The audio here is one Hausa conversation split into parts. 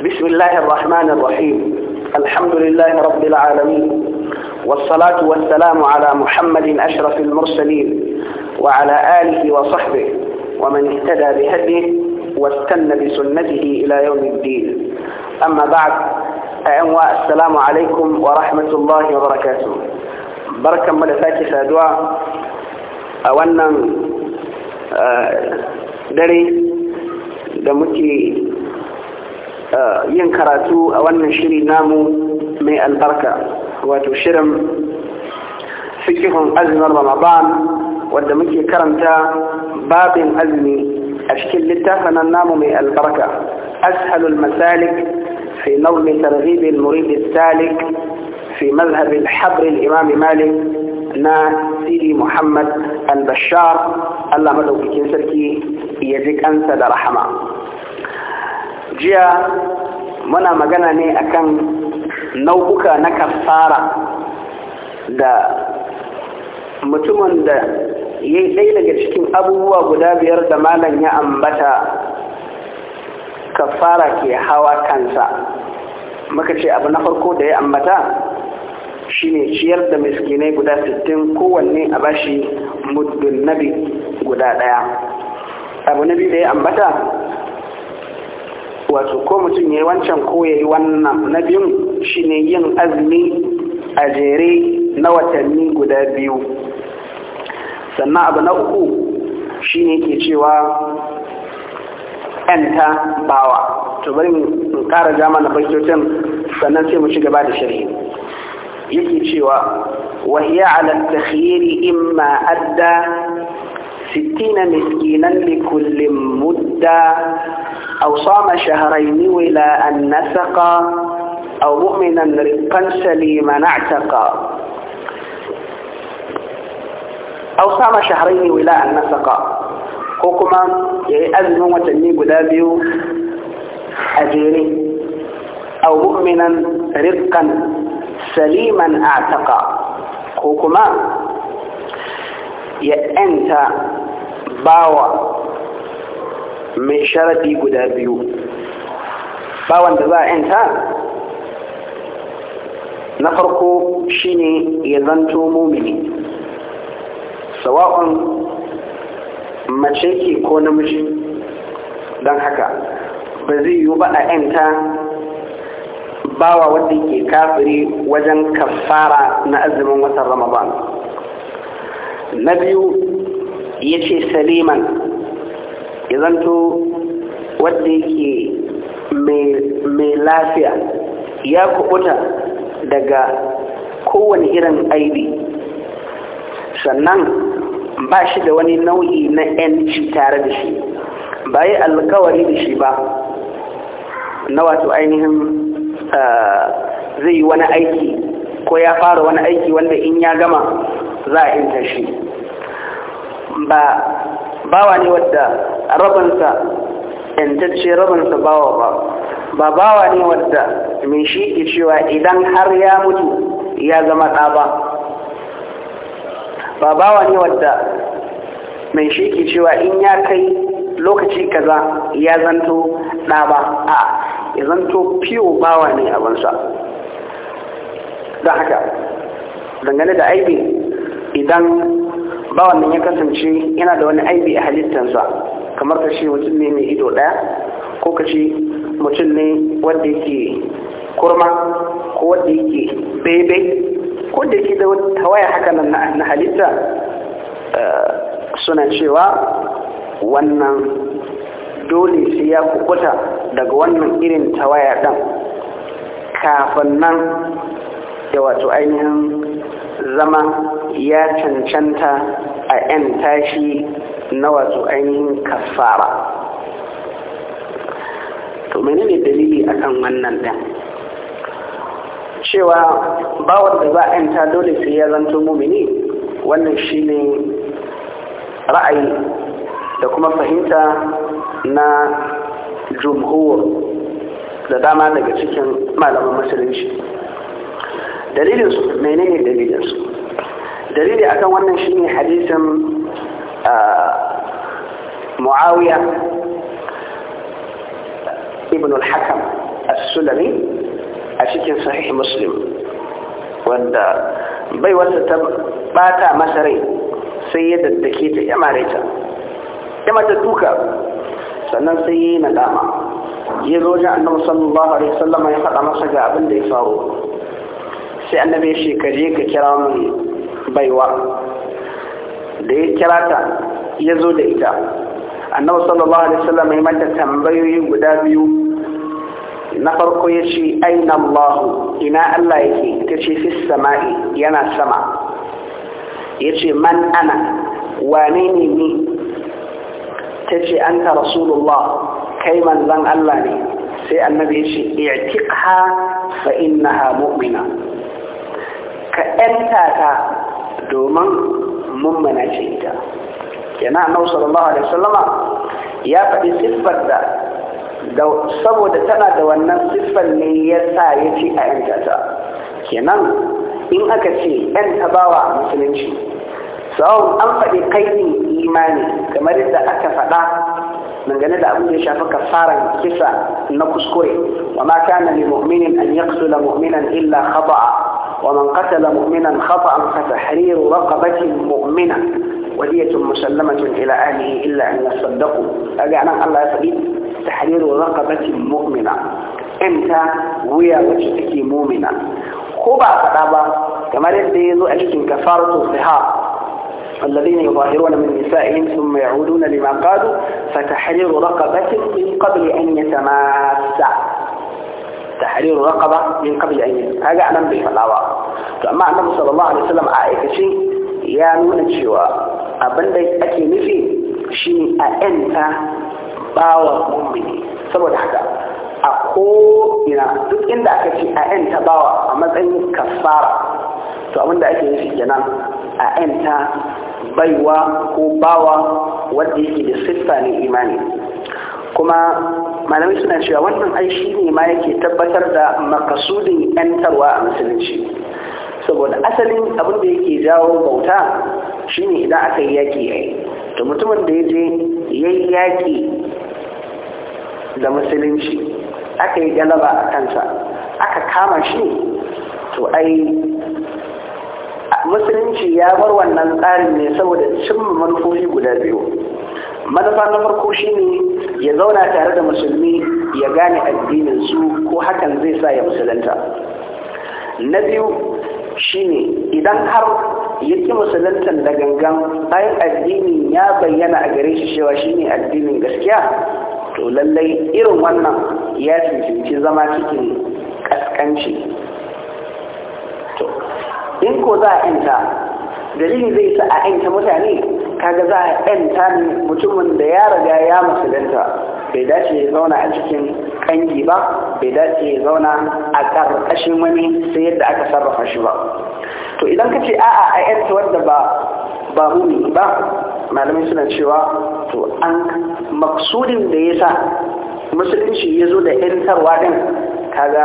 بسم الله الرحمن الرحيم الحمد لله رب العالمين والصلاة والسلام على محمد أشرف المرسلين وعلى آله وصحبه ومن اهتدى بهديه واستنى بسنته إلى يوم الدين أما بعد أعوى السلام عليكم ورحمة الله وبركاته بركة ملفات سادوا أولا آه، دري da yin karatu a wannan shiri namu mai albarka wato shirin fikihun azumin ramadan wadda muke karanta babin azumi a cikin littafin namu mai albarka ashalul masalik fi nawmi targhib al-murid salik fi madhhab al-habr al-imam malik na sidi muhammad al-bashar Allah madaukakin sarki ya ji kansa da rahama jiya muna magana ne akan nau'uka na kafara da mutumin da ya yi daga cikin abubuwa guda biyar da malam ya ambata kafara ke hawa kansa muka ce abu na farko da ya ambata shine ciyar da miskinai guda 60 kowanne a bashi muddin nabi guda ɗaya abu na biyu da ya ambata wato ko mutum ya yi wancan ko ya yi wannan na biyun shine yin azumi a jere na watanni guda biyu sannan abu na uku shine ke cewa ‘yanta bawa to bari in kara jama na baitocin sannan sai mu ci gaba da shari'i yake cewa wahiya ala takhiri imma adda sittina miskinan likullin mudda أو صام شهرين ولا أن نسقا أو مؤمنا رقا سليما اعتقا أو صام شهرين ولا أن نسقا حكما يأذن يعني وتنمي قدابي أجيري أو مؤمنا رقا سليما اعتقا حكما يأنت يعني باوى mai sharadi guda biyu Ba wanda za a yanta na farko shine ya zanto mumini sawa'un mace ke ko namiji don haka ba zai yi ba a yanta bawa wadda ke kafiri wajen kafara na azumin watan ramadan na biyu ya ce saliman ya zanto wadda yake mai lafiya ya kubuta daga kowane irin aibi sannan ba shi da wani nau'i na yanci tare da shi ba yi alkawari da shi ba na wato ainihin zai yi wani aiki ko ya fara wani aiki wanda in ya gama za a inta shi ba bawa ne wadda rabansa yantacce rabansa bawa ba ba bawa ne wadda mai shi ke cewa idan har ya mutu ya zama ɗa ba ba bawa ne wadda mai shi ke cewa in ya kai lokaci kaza ya zanto ɗa ba a ya zanto fiye bawa ne abansa don haka dangane da aibi idan bawan nan ya kasance yana da wani aibi a halittarsa kamar ka ce mutum ne mai ido ɗaya ko ka ce mutum ne wanda yake kurma ko wanda yake bebe ko da yake da tawaya haka nan na halitta eh, suna cewa wannan dole sai ya kukuta daga wannan irin tawaya ɗan kafin nan da wato ainihin zama ya cancanta a 'yan tashi na wato ainihin kafara to menene dalili akan wannan din cewa bawar da za a yanta dole sai ya zanto mumini wannan shi ne ra'ayi da kuma fahimta na jumhur da dama daga cikin malaman musulunci dalilinsu menene dalilinsu dalili akan wannan shi ne hadisin ah, معاوية ابن الحكم السلمي a cikin sahih muslim wanda bai ta bata masa rai sai ya daddake ta ya sannan sai ya nadama ya zo ji annabi sallallahu alaihi ya faɗa masa ga abin da ya faru sai annabi ya shekaje ka kira baiwa da ya ya zo da ita annabi sallallahu alaihi wasallam ya mata tambayoyi guda biyu na farko ya ce aina Allah ina Allah yake tace ce fi sama'i yana sama ya ce man ana wane ne ni ta ce an ta rasulullah kai manzon Allah ne sai annabi ya ce i'tiqha fa innaha mu'mina ka 'yanta ta domin mummuna ce ita kenan annabi sallallahu alaihi wasallama ya faɗi siffar da saboda tana da wannan siffar ne ya sa ya ce a yanta ta kenan in aka ce yan tabawa musulunci sau an faɗi kainin imani kamar yadda aka faɗa dangane da abin da ya shafi kafaran kisa na kuskure wa ma kana li mu'minin an yaqtula mu'minan illa khata'a ومن قتل مؤمنا خطأ فتحرير رقبة مؤمنة ودية مسلمة إلى أهله إلا أن يصدقوا أجعنا الله يفدي تحرير رقبة مؤمنة أنت ويا وجهتك مؤمنة خوبا قدابا كما يزيد أجل كفارة الظهار الذين يظاهرون من نسائهم ثم يعودون لما قالوا فتحرير رقبة من قبل أن يتماسى تحرير رقبة من قبل أن هذا أعلم به الله فأما النبي صلى الله عليه وسلم عائشه شيء يا نون الشواء abinda ake nufi shi a yanta bawa mummuni saboda haka a ko ina duk inda aka ce a yanta bawa a matsayin kafara to abinda ake nufi kenan a yanta baiwa ko bawa wadda yake da siffa ne imani kuma malamai suna cewa wannan ai shi ne ma yake tabbatar da makasudin yantarwa a musulunci saboda asalin abin yake jawo bauta shine idan aka yi yaƙi ya yi, to mutumin da ya je ya yi yaƙi da musulunci aka yi galaba a kansa aka kama shi to ai musulunci ya bar wannan tsarin ne saboda cimma manufofi guda biyu manufa na farko shi ne ya zauna tare da musulmi ya gane addinin su ko hakan zai sa ya musulunta na biyu shi ne idan har yake masalantar da gangan bayan addini ya bayyana a gare shi cewa shine addinin gaskiya to lallai irin wannan ya cancanci zama cikin kaskanci to in ko za a yanta dalili zai sa a yanta mutane kaga za a yanta ne mutumin da ya riga ya musulunta bai dace ya zauna a cikin kangi ba bai dace ya zauna a ƙarƙashin wani sai yadda aka sarrafa shi ba to idan ka ce a'a a yanta wanda ba ba mumi ba malamai suna cewa to an maksudin da ya sa musulunci ya zo da yantarwa din kaga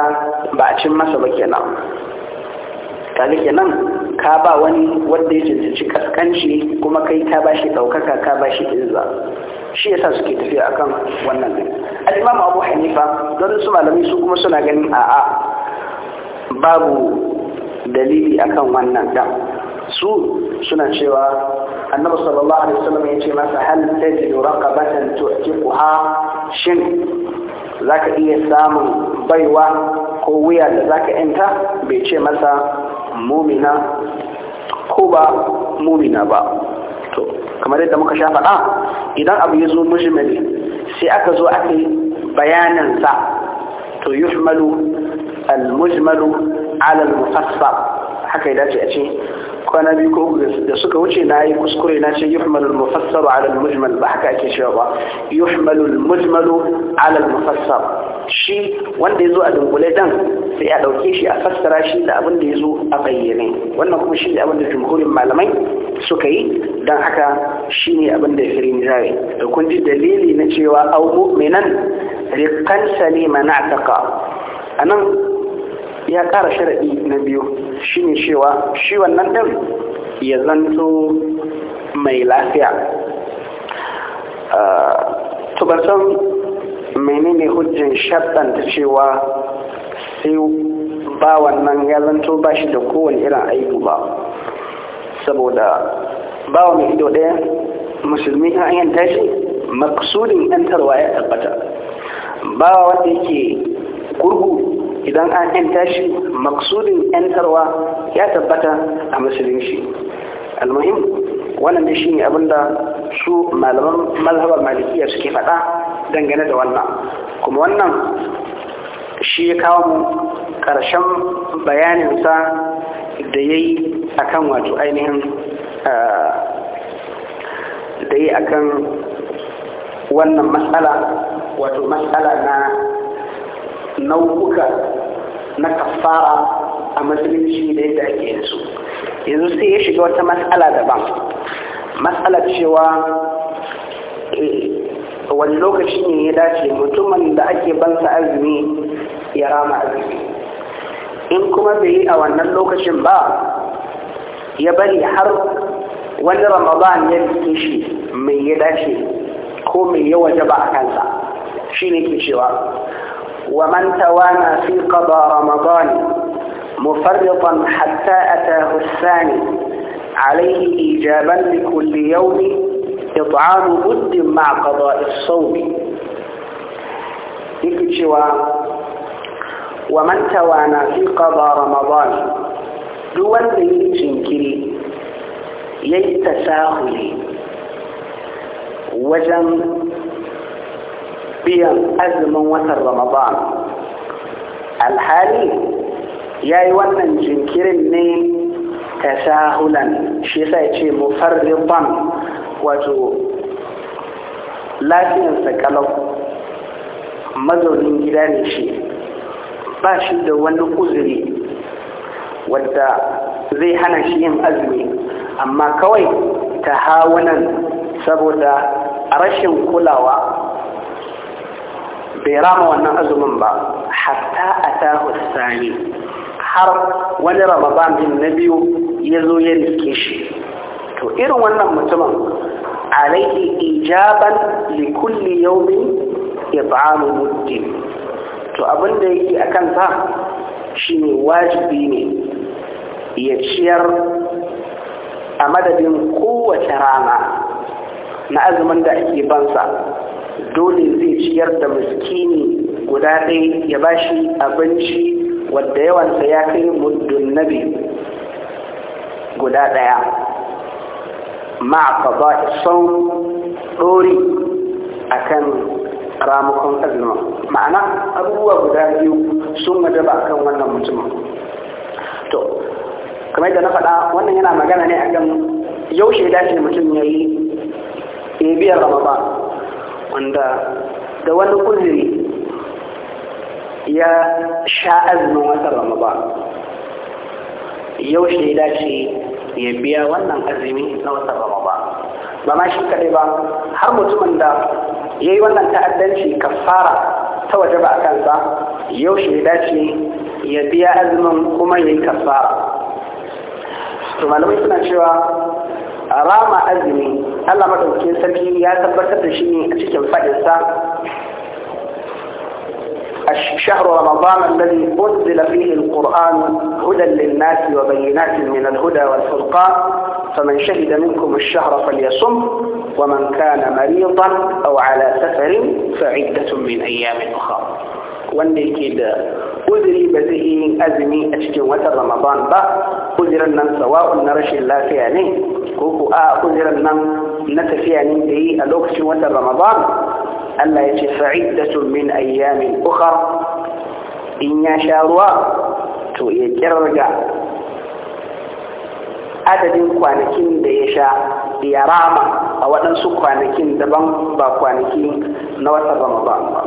ba a cin masa ba kenan kaga kenan ka ba wani wanda ya cancanci kaskanci kuma kai ka ba shi ɗaukaka ka ba shi izza shi yasa suke tafiya akan wannan din al abu hanifa don su malamai su kuma suna ganin a'a babu dalili akan wannan dan su suna cewa annabi sallallahu alaihi wasallam ya ce masa hal tajidu raqabatan tu'tiquha shin zaka iya samun baiwa ko wuya da zaka yanta bai ce masa mumina ko ba mumina ba to kamar yadda muka sha faɗa idan abu ya zo mujmali sai aka zo aka yi bayanin sa to yuhmalu al-mujmalu alal mufassar haka ya dace a ce kwana biyu ko uku da suka wuce na yi kuskure na ce yuhmalul mufassaru alal mujmal ba haka ake cewa ba yuhmalul mujmalu alal mufassar shi wanda ya zo a dungule dan sai a ɗauke shi a fassara shi da abin da ya zo a bayyane wannan kuma shi ne abin da jumhurin malamai suka yi don haka shi ne abin da ya firin jari da kun ji dalili na cewa au mu'minan rikan salima na ataka a nan ya ƙara sharaɗi na biyu shi ne cewa shi wannan ɗin ya zanto mai lafiya ah, tubarsan menene hujjin ta cewa sai ba wannan ya zanto ba shi da kowane irin aiki ba saboda ba wa mai ido ɗaya musulmi an yanta shi maksudin yantarwa ya tabbata ba wanda yake gurgu idan an yanta shi maksudin yantarwa ya tabbata a musulunci almuhim wannan da shi ne abinda su malaman malhabar malikiya suke faɗa dangane da wannan kuma wannan shi ya kawo mu ƙarshen bayaninsa da ya yi a kan wato ainihin da ya yi a kan wannan matsala wato matsala na nau'uka na kafara a musulunci da yadda ake yanzu yanzu sai ya shiga wata matsala daban matsala cewa eh, wani lokaci ne ya dace mutumin da ake bansa azumi ya rama azumi in kuma bai yi a wannan lokacin ba ya bari har wani ramadan ya rike shi mai ya dace ko mai yawa jaba ba a kansa shi ne ke cewa ومن توانى في قضى رمضان مفرطا حتى أتاه الثاني عليه إيجابا لكل يوم إطعام بد مع قضاء الصوم ومن توانى في قضى رمضان دون بيجنكري يتساهلي وجن biyan azumin watan ramadan alhali ya yi wannan jinkirin ne sahulan shi sa ya ce mufarriban wato lafiyarsa kalau mazaunin gida ne shi ba shi da wani uzuri wadda zai hana shi yin azumi amma kawai ta hawunan saboda rashin kulawa bai rama wannan azumin ba hatta a tahu sani har wani ramadan din na biyu ya zo ya nike shi to irin wannan mutumin alaihi ijaban li ya yawmin it'amu muddin to abin da yake kan sa shine wajibi ne ya ciyar a madadin kowace rana na azumin da ake bansa dole zai ciyar da miskini guda ɗaya ya ba shi abinci wadda yawansa ya kai muddun nabi guda ɗaya Ma ma'afa ba son ɗori a kan ramukan azuma ma'ana abubuwa guda biyu sun wajaba a kan wannan mutumin to kamar da na faɗa wannan yana magana ne akan yaushe dace mutum ya yi biyar ramadan wanda da wani kuzuri ya sha azumin watan ba, yau shi dace ya biya wannan azumi na watan ramadan ba ma shi kaɗai ba har mutumin da ya yi wannan ta'addanci kafara ta waje ba a kansa yau shi dace ya biya azumin kuma ya yi kafara Su malamai suna cewa rama azumi Allah madaukakin sarki ya tabbatar da shi ne a cikin fadin الشهر رمضان الذي أنزل فيه القرآن هدى للناس وبينات من الهدى والفرقاء فمن شهد منكم الشهر فليصم ومن كان مريضا أو على سفر فعدة من أيام أخرى واندي كيد أذري بذيه أزمي أشجوة رمضان با أذرنا سواء نرش الله فيه ko ku a uzurin nan na tafiya ne da yi a lokacin watan ramadan Allah ya ce fa'iddatu min ayyamin ukhra in ya sha ruwa to ya kirga adadin kwanakin da ya sha ya rama a waɗansu kwanakin daban ba kwanaki na watan ramadan ba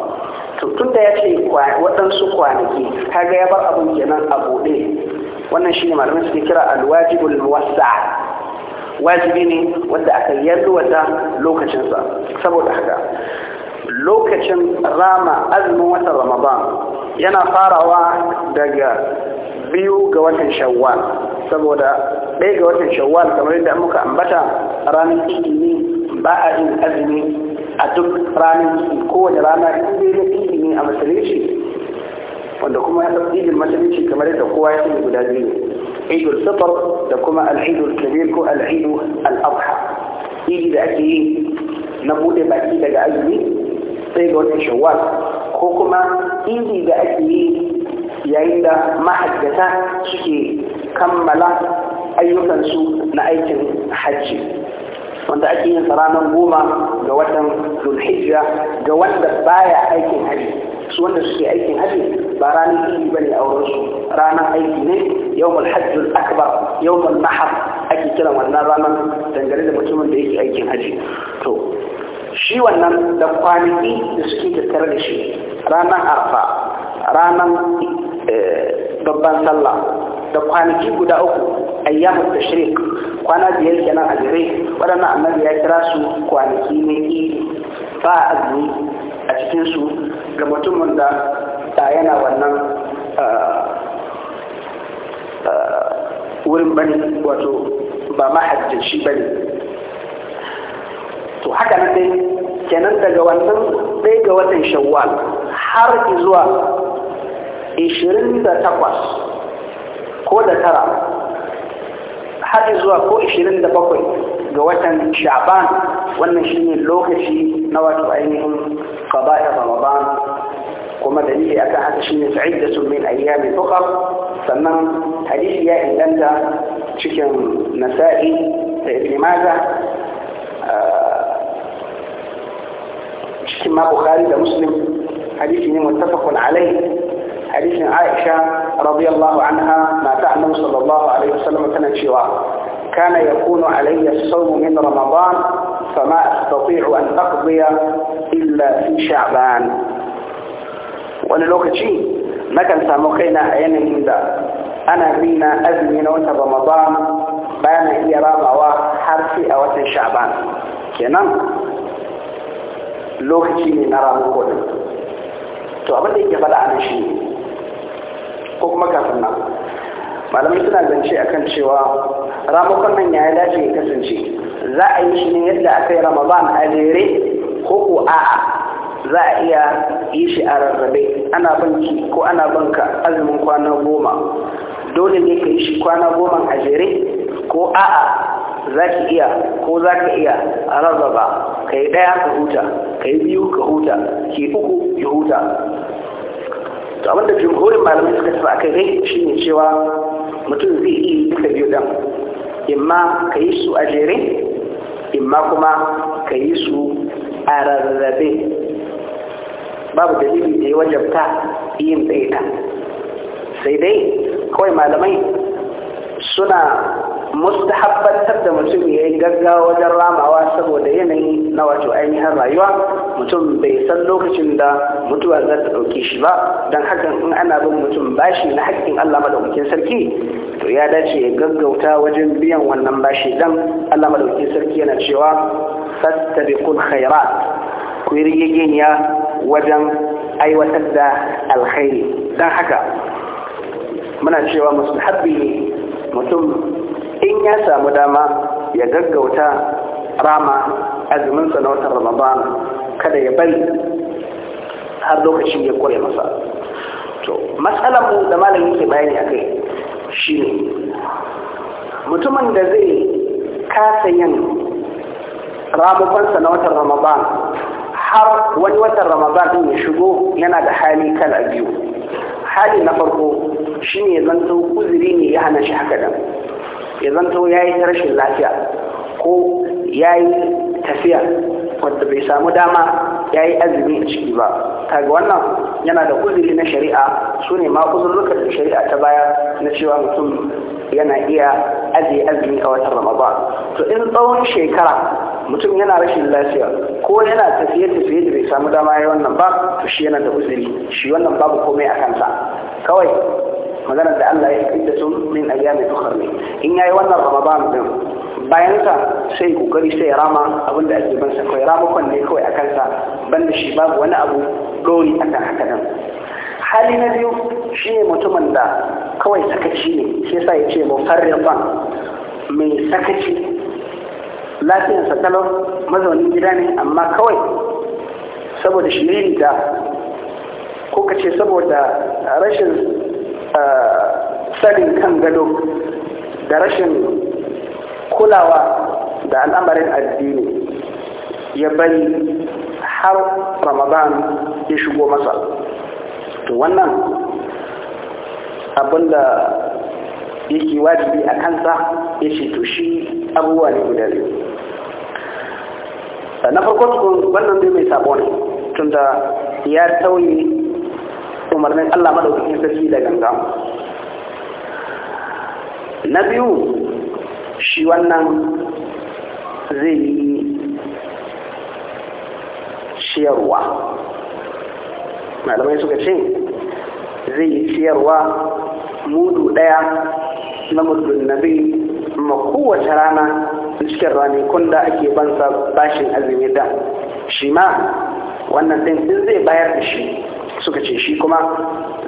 tun da ya ce waɗansu kwanaki kaga ya bar abun kenan a buɗe wannan shine malamin suke kira alwajibul muwassa wajibi ne wanda aka yalwata lokacinsa saboda haka lokacin rama azumin watan ramadan yana farawa daga biyu ga watan shawwal saboda ɗaya ga watan shawwal kamar yadda muka ambata ranar idi ne ba a yin azumi a duk ranar idi kowane rana inda ya idi ne a masalici wanda kuma ya ɗauki idin masalici kamar yadda kowa ya sani guda biyu idul fitr da kuma al'idul kabir ko al'idul al'adha idi da ake yi na bude baki daga azumi sai ga watan shawwal ko kuma idi da ake yi yayin da mahajjata suke kammala ayyukansu na aikin hajji wanda ake yin ranar goma ga watan zulhijja ga wanda baya aikin hajji su wanda suke aikin haji ba ranar iri ba ne a wurin su. ranar aiki ne yawon hajjul akbar Yau nahar ake kiran wannan ranar dangane da mutumin da yake aikin haji to shi wannan da kwanaki da suke tattare da shi ranar arfa ranar eh, babban sallah da kwanaki guda uku ayyamu tashrik kwana biyar kenan a jere waɗannan annabi ya kira su kwanaki ne ba azumi a cikinsu ga mutumin da yana wannan ah, ah, wurin bane wato ba mahajjaci bane to haka nan dai kenan daga wannan ɗaya ga watan shawwal har zuwa 28 ko da tara har zuwa ko 27 ga watan sha'ban wannan shine lokaci na wato ainihin قضاء رمضان وما دليل أكاد شنس عدة من أيام فقط فمن حديث يا إلاندا شكم نسائي لماذا آه، شكم ما بخاري مسلم حديث متفق عليه حديث عائشة رضي الله عنها ما تعلم صلى الله عليه وسلم كان شواء كان يكون علي الصوم من رمضان فما استطيع أن أقضي illa fi sha'ban wani lokaci na kan samu kaina a yanayin da ana rina azumi na wata ramadan bayan iya ramawa har sai a watan sha'ban kenan lokaci ne na ramu kodin to abin da yake faɗa a shi ko kuma kafin nan malamai suna zance a kan cewa ramukan nan ya dace ya kasance za a yi shi ne yadda aka yi ramadan a jere ko ko a'a za a iya yi shi a rarrabe ana banki ko ana banka azumin kwana goma dole ne ka yi shi kwana goma a jere ko a'a za ki iya ko za ka iya a rarraba ka yi ɗaya ka huta ka yi biyu ka huta ke uku ki huta to abinda jimhurin malamai suka tafi akai shi shine cewa mutum zai iya duka biyu ɗan imma ka yi su a jere imma kuma ka yi su a rarrabe babu dalili da ya wajabta yin ɗaya sai dai kawai malamai suna mustahabatar da mutum ya yi gaggawa wajen ramawa saboda yanayi na wato ainihin rayuwa mutum bai san lokacin da mutuwa za ta ɗauki shi ba don hakan in ana bin mutum bashi na hakkin Allah madaukakin sarki to ya dace ya gaggauta wajen biyan wannan bashi don Allah madaukakin sarki yana cewa fastabiqul khairat ku yi rigegeniya wajen aiwatar da alkhairi don haka muna cewa musulhabbi mutum in ya samu dama ya gaggauta rama azuminsa na watan ramadan kada ya bari har lokaci ya kore masa to matsalar da malam yake bayani a kai shine mutumin da zai kasa yin ramukansa na watan ramadan har wani watan ramadan din ya shigo yana da hali kala biyu hali na farko shi ne zanto kuzuri ne ya hana shi haka da ya zanto ya yi rashin lafiya ko ya yi tafiya wadda bai samu dama ya yi azumi a ciki ba kaga wannan yana da kuzuri na shari'a su ne ma da shari'a ta baya na cewa mutum yana iya ajiye azumi a watan ramadan to in tsawon shekara mutum yana rashin lafiya ko yana tafiye tafiye da bai samu dama ya wannan ba to shi yana da uzuri shi wannan babu komai a kansa kawai maganar da Allah ya fidda sun min ayyami ukhra ne in yayi wannan ramadan din bayan sa sai kokari sai rama abin da ake ban sa kai ramukan ne kawai a kansa banda shi babu wani abu dori akan haka nan hali na biyu shine mutumin da kawai sakaci ne shi yasa ya ce mufarrifan mai sakaci lafiyarsa talo mazaunin gida ne amma kawai saboda shirin da ko kace saboda rashin sanin kan gado da rashin kulawa da al'amarin addini ya bari har ramadan ya shigo masa to wannan abinda yake wajibi a kansa ya ce to shi abubuwa ne guda biyu na farko tukun wannan bai mai sabo ne tunda ya tauye umarnin allah madaukakin sarki da ganga na biyu shi wannan zai yi ciyarwa malamai suka ce zai yi ciyarwa mudu ɗaya na bai ma kowace rana cikin rani kunda ake bansa bashin azumi da shi ma wannan din din zai bayar da shi suka ce shi kuma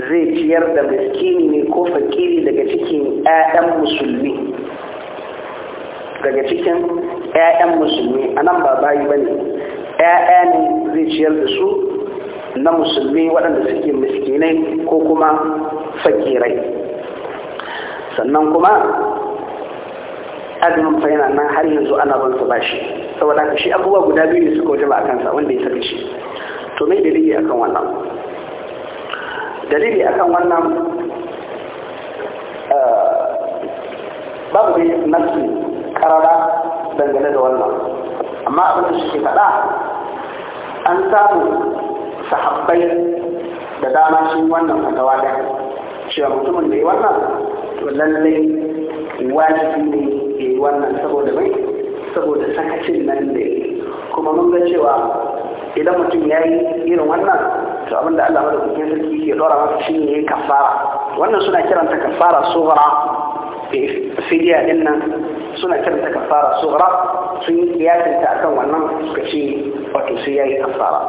zai ciyar da miskini ne ko fakiri daga cikin 'ya'yan musulmi daga cikin 'ya'yan musulmi a nan ba bayi ba ne 'ya'ya ne zai ciyar da su na musulmi waɗanda suke miskinai ko kuma fakirai sannan kuma azumin fa nan har yanzu ana ban su bashi saboda ka shi abubuwa guda biyu ne suka wajaba a kansa wanda ya saka shi to me dalili akan wannan dalili akan wannan eh, babu dai nasu karara dangane da wannan amma abin da suke faɗa an samu sahabbai da dama shi wannan fatawa da cewa mutumin da ya wannan to lallai wajibi ne ke wannan saboda mai saboda sakacin nan da kuma mun ga cewa idan mutum ya yi irin wannan to abin da Allah madaukakin sarki ke dora masa shi ne kafara wannan suna kiranta kafara sughra eh, fidiya din nan suna kiranta kafara sughra sun yi kiyasinta akan wannan suka ce wato sai ya yi kafara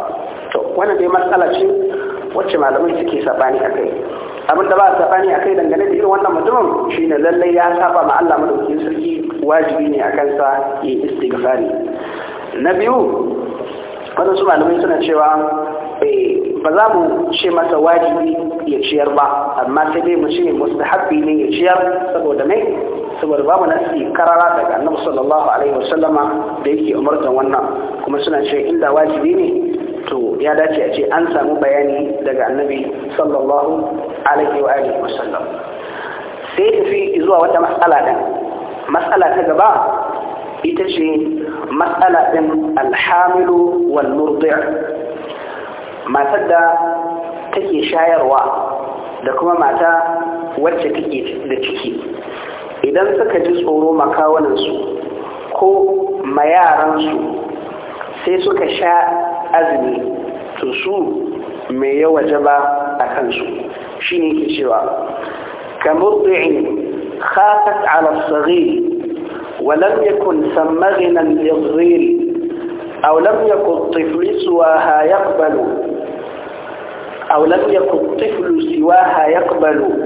to wannan dai matsala ce wacce malamai suke sabani kai abin da ba a akai dangane da irin wannan mutumin shi ne lallai ya saba ma Allah madaukakin sarki wajibi ne a kansa ya istighfari na biyu su malamai suna cewa eh, ba za mu ce masa wajibi ya ciyar ba amma sai dai mu ce mustahabbi ne ya ciyar saboda mai saboda babu nasi karara daga annabi sallallahu alaihi wasallama da yake umartan wannan kuma suna ce inda wajibi ne to ya dace a ce an samu bayani daga annabi sallallahu alaihi wa alihi sallam sai tafi zuwa wata matsala din matsala ta gaba ita ce matsala ɗin alhamilu wal matar da take shayarwa da kuma mata wacce take da ciki idan suka ji tsoro makawanansu ko mayaransu sai suka sha azumi to su me ya wajaba a kansu shine yake cewa كمرضع خافت على الصغير ولم يكن ثم غنى للظيل أو لم يكن الطفل سواها يقبل أو لم يكن الطفل سواها يقبل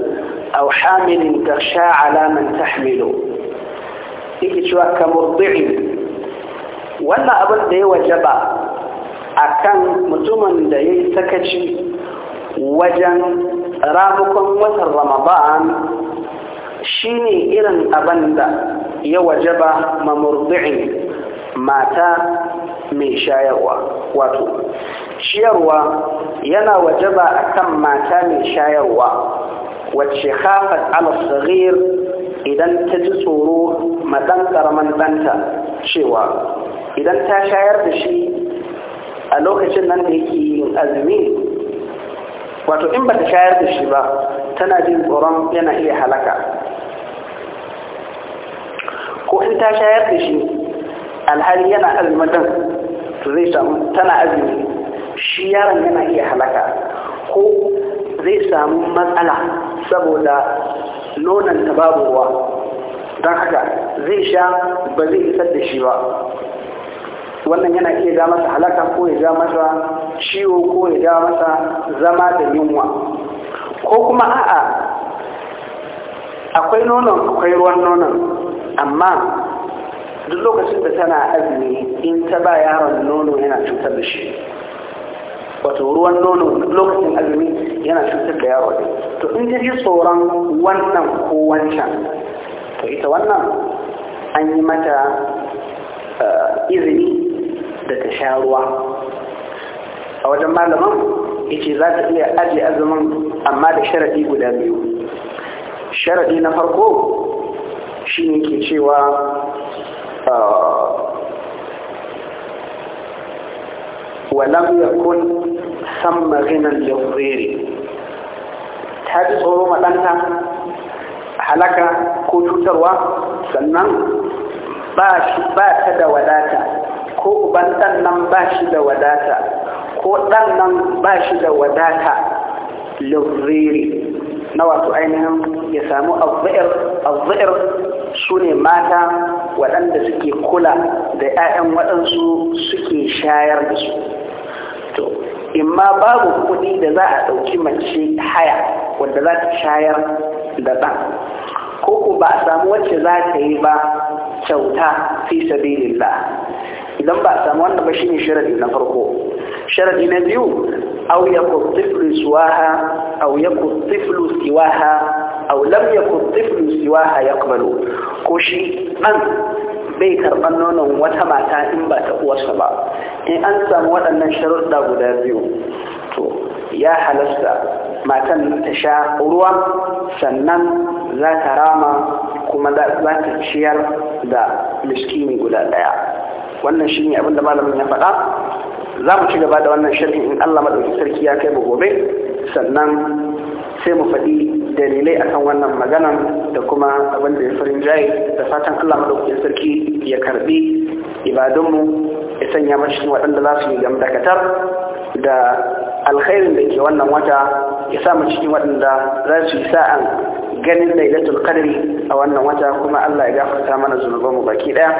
أو حامل تخشى على من تحمل إيه شوى كمرضع وأن أبدا وجبا akan mutumin da ya yi sakaci wajen ramukon watan ramadan shine irin abin da ya wajaba mamurdi'in mata mai shayarwa wato ciyarwa yana wajaba akan mata mai shayarwa wacce hafat al-saghir idan ta ji tsoro madan karaman danta cewa idan ta shayar da shi a lokacin nan da yake yin azumi wato in bata shayar da shi ba tana jin tsoron yana iya halaka ko in ta shayar da shi alhali yana azumin to zai samu tana azumi shi yaron yana iya halaka ko zai samu matsala saboda nonon ta babu ruwa don haka zai sha ba zai isar da shi ba wannan yana iya ja masa halaka ko ya ja masa ciwo ko ya ja masa zama da yunwa ko kuma a'a akwai nonon akwai ruwan nonon amma duk lokacin da tana azumi in ta ba yaron nono yana cutar da shi wato ruwan nono lokacin azumi yana cutar da yaro to in ji tsoron wannan ko wancan to ita wannan an yi mata eh, izini da ta sha ruwa a wajen malaman ita za ta iya ajiye azumin amma da sharaɗi guda biyu Sharaɗi na farko shine ke cewa walam San samma ya zere ta ji tsoro maɗanta halaka ko cutarwa sannan ba ta da wadata ko uban ɗan nan ba shi da wadata ko ɗan nan ba shi da wadata lurriri na wato ainihin ya samu azza'ir su ne mata waɗanda suke kula da 'ya'yan waɗansu suke shayar da su to imma babu kuɗi da za a ɗauki mace haya wadda za ta shayar da ɗan ko ku ba a samu wacce za ta yi ba kyauta fi sabilillah idan ba a samu wannan ba shine sharadi na farko sharadi na biyu aw yakun tiflu siwaha aw yakun tiflu siwaha aw lam yakun tiflu siwaha yaqbalu ko shi dan bai karban nonon wata mata in ba ta uwarsa ba in an samu waɗannan sharuɗa guda biyu to ya halasta matan ta sha ruwa sannan za ta rama kuma za ta ciyar da miskini guda ɗaya wannan shi ne abinda malamin ya faɗa za mu ci gaba da wannan shirin in allah maɗauki sarki ya kai mu gobe sannan sai mu faɗi dalilai akan wannan maganan da kuma abin da ya farin jaye da fatan allah maɗauki sarki ya karbi ibadunmu ya sanya mashi waɗanda za su yi dakatar da alkhairin da ke wannan wata ya sa mu cikin waɗanda za su yi sa'an ganin lailatul qadri a wannan wata kuma Allah ya gafarta mana zunubanmu baki ɗaya,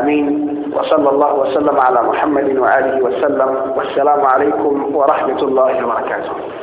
amin وصلى الله وسلم على محمد وآله وسلم والسلام عليكم ورحمة الله وبركاته